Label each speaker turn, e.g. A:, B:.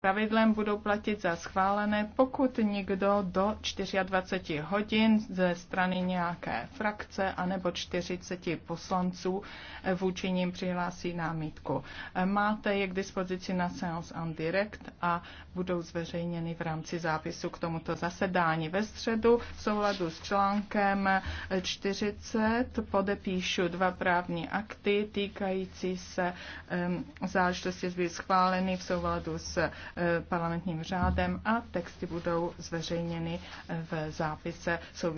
A: pravidlem budou platit za schválené, pokud někdo do 24 hodin ze strany nějaké frakce anebo 40 poslanců vůči ním přihlásí námitku. Máte je k dispozici na Seance on Direct a budou zveřejněny v rámci zápisu k tomuto zasedání. Ve středu v souladu s článkem 40 podepíšu dva právní akty týkající se um, záležitosti zbyt schváleny v souladu s Eh, parlamentním řádem a texty budou zveřejněny v zápise